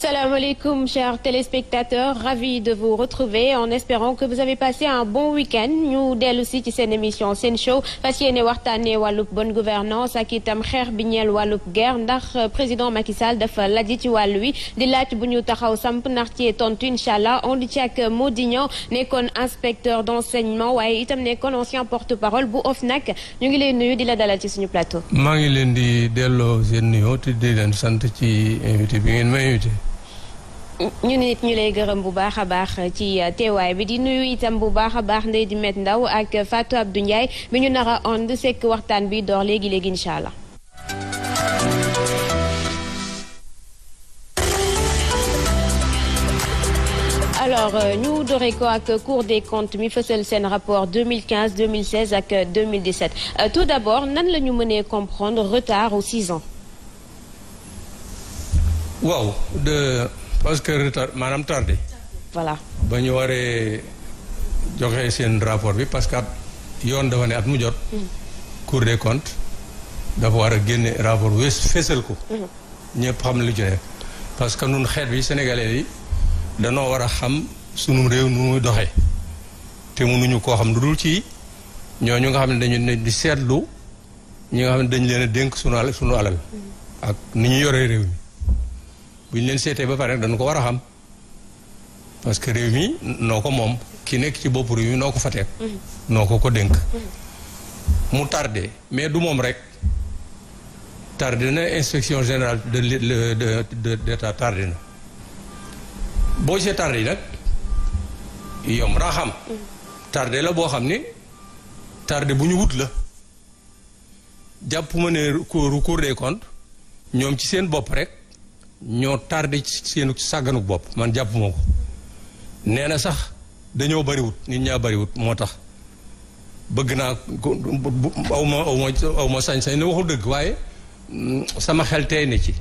Salaamaaleykum chers téléspectateurs ravi de vous retrouver en espérant que vous avez passé un bon week-end ñu dellu si ci seen émission seen show fas yéene waxtaanee wàllub bonne gouvernance ak itam xeex bi ñeel wàllub guerre ndax euh, président Macky Sall dafa laji ci wàll wi di laaj bu ñu taxaw samp ndax ci tontu incha allah on di ci ak Modignan nekkoon inspecteur d'enseignement waaye itam nekkoon ancien porte-parole bu OFNAC ñu ngi lay nuyu di la dalal ci suñu plateau. maa ngi leen di delloo seen nuyoo te di ci invité bi ñu nit ñu lay gërëm bu baax a baax ci uh, teewaay bi di nuyu itam bu baax a baax ndey di met ndaw ak Fatou Abdou Ndiaye bi ñu nara a ond sekk waxtaan bi door léegi léegi incha allah. alors euh, ñu doree ko ak Cour des comptes mi fësal seen rapport 2015 2016 ak 2017 euh, tout d'abord nan la ñu mënee comprendre retard ou 6 ans. parce que retard maanaam tardé. voilà ba ñu waree joxe seen rapport bi parce que yoon dafa ne at mu jot. Hmm. cour des comptes dafa war a génne rapport wés fésal ko. Hmm. ñëpp xam lu ci nekk parce que nun xeet bi sénégalais yi danoo war a xam sunu réew nu muy doxe te mënuñu koo xam lu dul ci ñu nga xam ne dañu ne di seetlu ñi nga xam ne dañu leen dénk sunu alal sunu alal hmm. ak nu ñu yoree réew mi. bu ñu leen seetee ba pare dañu ko war a xam parce que réew mi noo ko moom ki nekk ci bopp réew mi noo ko fa teg mm-hmm. noo ko ko dénk mm-hmm. mu tardé mais du moom rek tardé na inspection générale de de de d'état tardé na boo see tardé nag yomb naa xam mm-hmm. tardé la boo xam ni tardé bu ñu wut la jàpp ma ne recours des ñoom ci seen bopp rek ñoo tardé ci seenu sàgganuk bopp man jàpp moo ko nee na sax dañoo bariwut nit ñaa bariwut moo tax bëgg naa aw ma aw ma aw ma sañ-sañ ne waxul dëgg waaye mm, sama xel tey na ci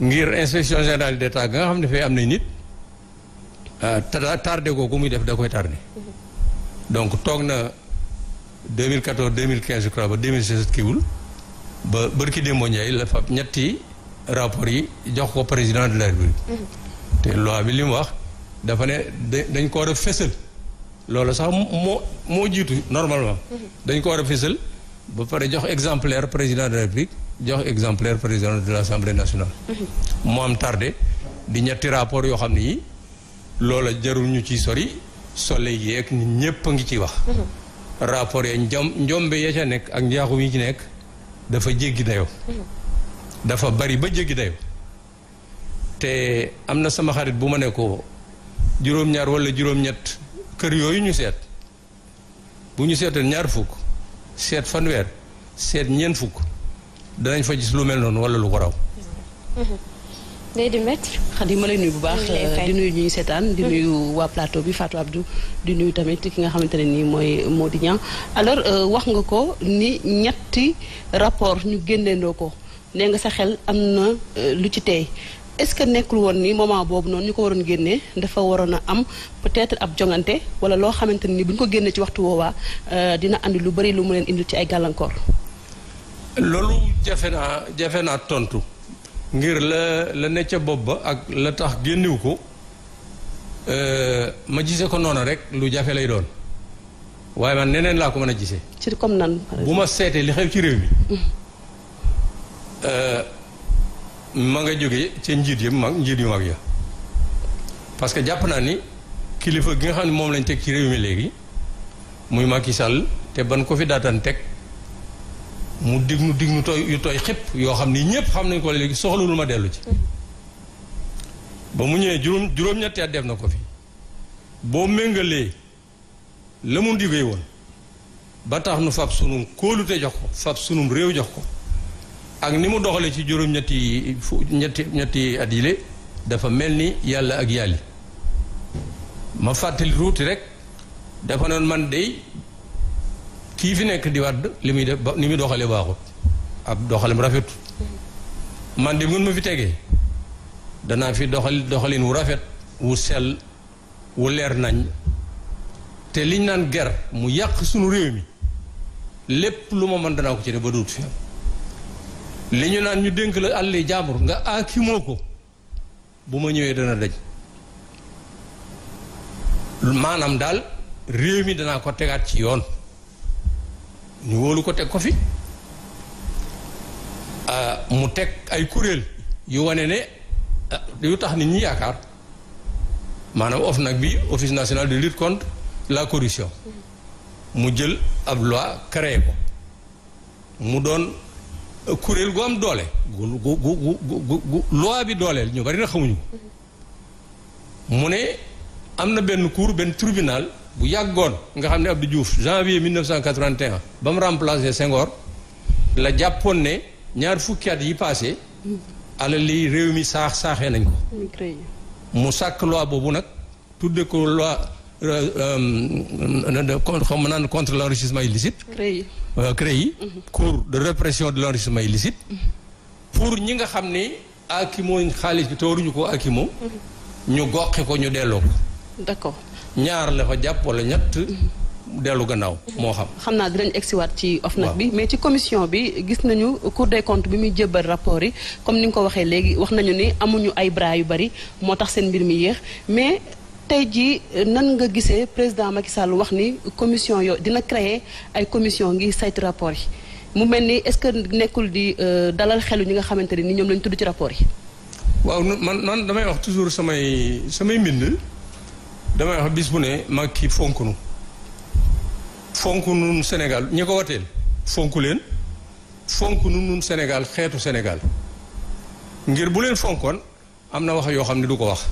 ngir inspection générale d'État ga nga xam ne fee am na nit ah, tardé googu muy def da koy tardé donc toog na 2014 2015 je crois ba 2016 kiiwul ba bërki démbo Ndiaye la fa ñetti rapport yi jox ko président de la République te loi bi li mu wax dafa ne dañ ko war a fësal loolu sax moo moo jiitu normalement dañ ko war a fësal ba pare jox exemplaire président de la République jox exemplaire président de l'Assemblée nationale moo am tardé di ñetti rapport yoo xam ne yi loola jarul ñu ciy sori soleil yi ak nit ñépp a ngi ciy wax rapport ya njom njombe ya ca nekk ak njaaxum yi ci nekk dafa jéggi dayoo dafa bari ba jéggi dayo te am na sama xarit bu ma ne ko juróom-ñaar wala juróom-ñett kër yooyu ñu seet bu ñu seetal ñaar fukk seet fanweer seet ñeent fukk danañ fa gis lu mel noonu wala lu ko raw day di ma lay nuyu bu baax di nuyu seetaan di hmm. nuyu waa plateau bi Fatou di nuyu tamit ki nga xamante ne nii mooy moo di Niang alors euh, wax nga ko ni ñetti rapport ñu génneendoo ko. nee nga sa xel am na euh, lu ci tey est-ce que nekkul woon ni moment boobu noonu ñu ko waroon génnee dafa waroon a am peut-être ab jongante wala loo xamante ni bu ñu ko génnee ci waxtu woowaa euh, dina andi lu bari lu ma leen indil ci ay gàllankoor. loolu jafe naa jafe naa tontu ngir la la ne ca bopp ba ak la tax génnewu ko euh, ma gisee ko noonu rek lu jafe lay doon waaye man neneen laa ko mën a gisee. ci comme nan bu ma seetee li xew ci réew mi. Mm. Euh, ma nga jóge ci njiit mag njiit yu mag ya parce que jàpp naa ni kilifa gi nga xam ne moom lañ teg réew mi léegi muy Macky Sall te ban ko fi daataan teg mu dig nu dig xëpp yoo xam ni ñëpp xam nañ ko léegi soxlawul ma dellu ci. ba mu ñëwee juróom juróom-ñetti at def na ko fi boo méngalee la mu digee woon ba tax nu fab sunum kóolute jox ko fab sunum réew jox ko. ak ni mu doxalee ci juróom-ñetti ñetti ñetti at yile dafa mel ni yàlla ak yàlli ma fàttali ruuti rek dafa noon man dey kii fi nekk di wàdd li muy def ba ni muy doxalee baaxut ab doxalem rafetu man di mun ma fi tegee danaa fi doxal doxalin wu rafet wu sel wu leer nañ te liñ naan ger mu yàq sunu réew mi lépp lu ma mën danaa ko ci ne ba duut fi li ñu naan ñu dénk la àlli jaambur nga aakimoo ko bu ma ñëwee dana daj maanaam daal réew mi danaa ko tegaat ci yoon ñu wóolu ko teg ko fi ah, mu teg ay kuréel yu wane ne ah, yu tax nit ñi yaakaar maanaam of nag bi office national de lutte contre la corruption mu jël ab loi créé ko mu doon kuréel gu am doole gu gu gu gu gu loi bi dooleel ñu bari na xamuñu ko mu ne am na benn cour benn tribunal bu yàggoon nga xam ne Abdou Diouf janvier 1981 ba mu remplacé Senghor la jàppoon ne ñaar fukki at yi passé alal li réew mi saax saaxee nañ ko mu sàkk loi boobu nag tudde ko loi euh, euh, euh, xaw ma naan contre l'enrichissement illicite Euh, CREI cour de répression de samay illicite pour ñi nga xam ne akimoo xaalis bi te waruñu ko akimoo ñu goxi ko ñu delloo ko d'accord ñaar la fa jàpp wala ñett dellu gannaaw moo xam. xam naa dinañ egsiwaat ci OFNAC bi mais ci commission bi gis nañu Cour des comptes bi muy jébbal rapport yi comme ni nga ko waxee léegi wax nañu ni amuñu ay bras yu bari moo tax seen mbir mi yéex mais. tey jii nan nga gisee président Macky lu wax ni commission yo dina créer ay commission ngi saytu rapport yi mu mel ni est-ce que nekkul di euh, dalal xelu ñi nga xamante ni ñoom lañu tudd ci rapport yi. waaw man man damay wax toujours samay samay mbind damay wax bis bu ne Macky fonk nu fonk nun Sénégal ñi ko wateel fonk leen fonk nu nun Sénégal xeetu Sénégal ngir bu leen fonkoon am na wax yoo xam ne du ko wax.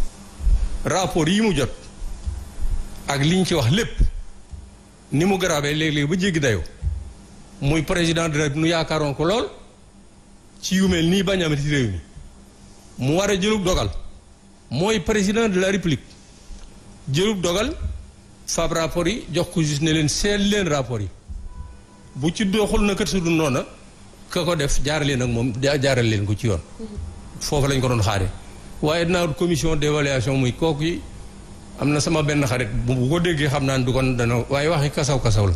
rapport yi mu jot ak li ñu ci wax lépp ni mu garaabee léeg-léeg ba jéggi dayoo muy président de la nu yaakaaroon ko lool ci yu mel nii bañ a amati réew mi mu war a jëlub dogal mooy président de la réplique jëlub dogal fab rapport yi jox ko juste ne leen seet leen rapport yi bu ci doxul na kër su du ka ko def jaaraleen ak moom jaaral leen ko ci yoon mm-hmm. foofu lañ ko doon xaari waaye dinaa wut commission d'évaluation muy kooku yi am na sama benn xarit bu ko déggee xam naa ne du kon dana waaye waxi kasaw kasaw la.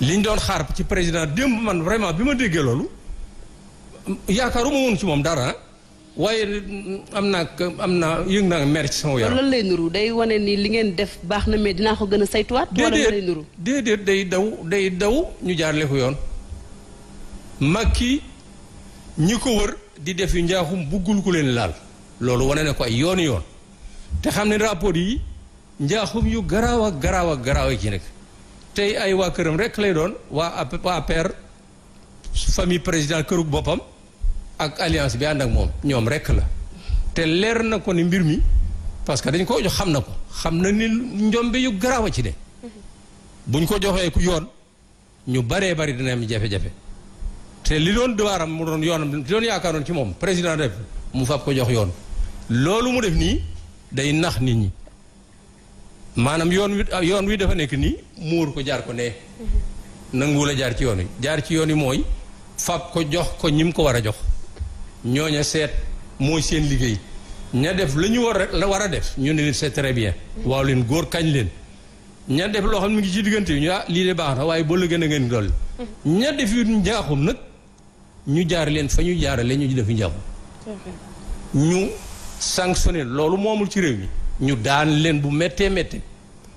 li ñu doon xaar ci président démb man vraiment bi ma déggee loolu yaakaaruma woon si moom dara waaye am naa am naa yëg naa mer ci sama yaram. lay nuru day wane nii li ngeen def baax na mais dinaa ko gën a saytuwaat. wala lay nuru déedéet day daw day daw ñu jaarale ko yoon. Macky ñi ko wër. di def yu njaaxum buggul ko leen laal loolu wane na ko ay yoon yoon te xam ne rapport yi njaaxum yu garaaw ak garaaw ak garaaw yi ci nekk tey ay waa këram rek lay doon waa waa APR famille président këru boppam ak alliance bi ànd ak moom ñoom rek la te leer na ko ni mbir mi parce que dañ ko jox xam na ko xam na ni njombe yu garaaw a ci ne mm-hmm. buñ ko joxee ku yoon ñu baree bari dina am jafe-jafe te li doon devoiram mu doon yoonam li doon yaakaaroon ci moom président def mu fab ko jox yoon loolu mu def nii day nax nit ñi maanaam yoon wi ah, yoon wi dafa nekk nii muur ko jaar ko ne nanguwul a jaar ci yoon wi jaar ci yoon yi mooy fab ko jox ko ñim ko war a jox ñooña seet mooy seen liggéey ña def la ñu war rek la war a def ñu ne leen c'est très bien waaw leen góor kañ leen ña def loo xam ne mi ngi ci diggante yi ñu ah lii de baax na waaye boo la gën a ngeen dolli ñu jaar leen fa ñu jaarale ñu def njàmm ñu sanctionné loolu moomul ci réew mi ñu daan leen bu méttee méttee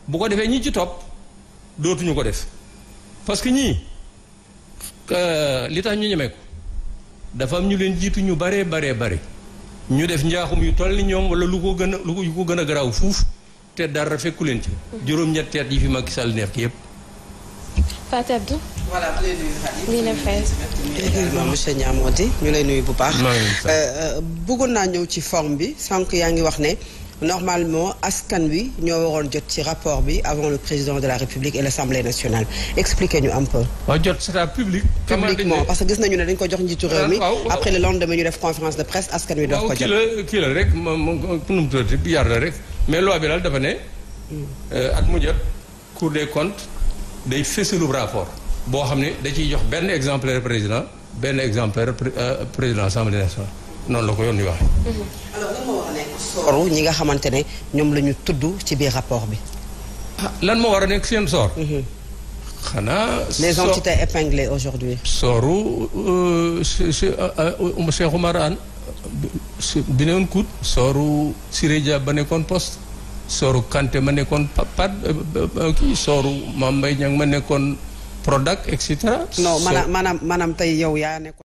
bu ko defee ñi ci topp dootuñu ko def parce que ñii euh, li tax ñu ñemee ko dafa am ñu leen jiitu ñu baree baree bare ñu def njaaxum yu toll ni ñoom wala lu ko gën lu ko gën a garaaw fuuf te dara fekku leen ci juróom-ñetteet yi fi Macky Sall neex ki yépp voilà bu lay nuyu Fatou. ñu lay nuyu bu baax. Euh, euh, bëggoon naa ñëw ci form bi sànq yaa ngi wax ne. normalement askan wi ñoo waroon jot ci rapport bi avant le président de la république et l' assemblée nationale expliquez ñu un peu. waaw jot c' est à public. parce que gis nañu ne dañ ko jox njiitu réew mi ah, après le lendemain ñu def conférence de presse askan wi. doo ko jot waaw kii la kii la rek la rek mais loi bi daal dafa ne. Hmm. Euh, ak mu jot. cour des comptes day fësalu rapport. boo xam ne da ciy jox benn exemplaire président benn exemplaire euh, président assemblée nationale noonu la ko yoon di waxee. Mm-hmm. sooru ñi nga xamante ne ñoom la tudd ci biir rapport bi. ah lan moo war a nekk seen soor. Mm-hmm. xanaa. les entités épinglées aujourd'hui sooru euh, euh, Cheikh Oumar Anne ba nekkoon poste sooru Kanté ma nekkoon pad kii sooru Mame Mbaye Niang ma nekkoon. Prodac et cetera. non maanaam maanaam maanaam tey yow yaa nekk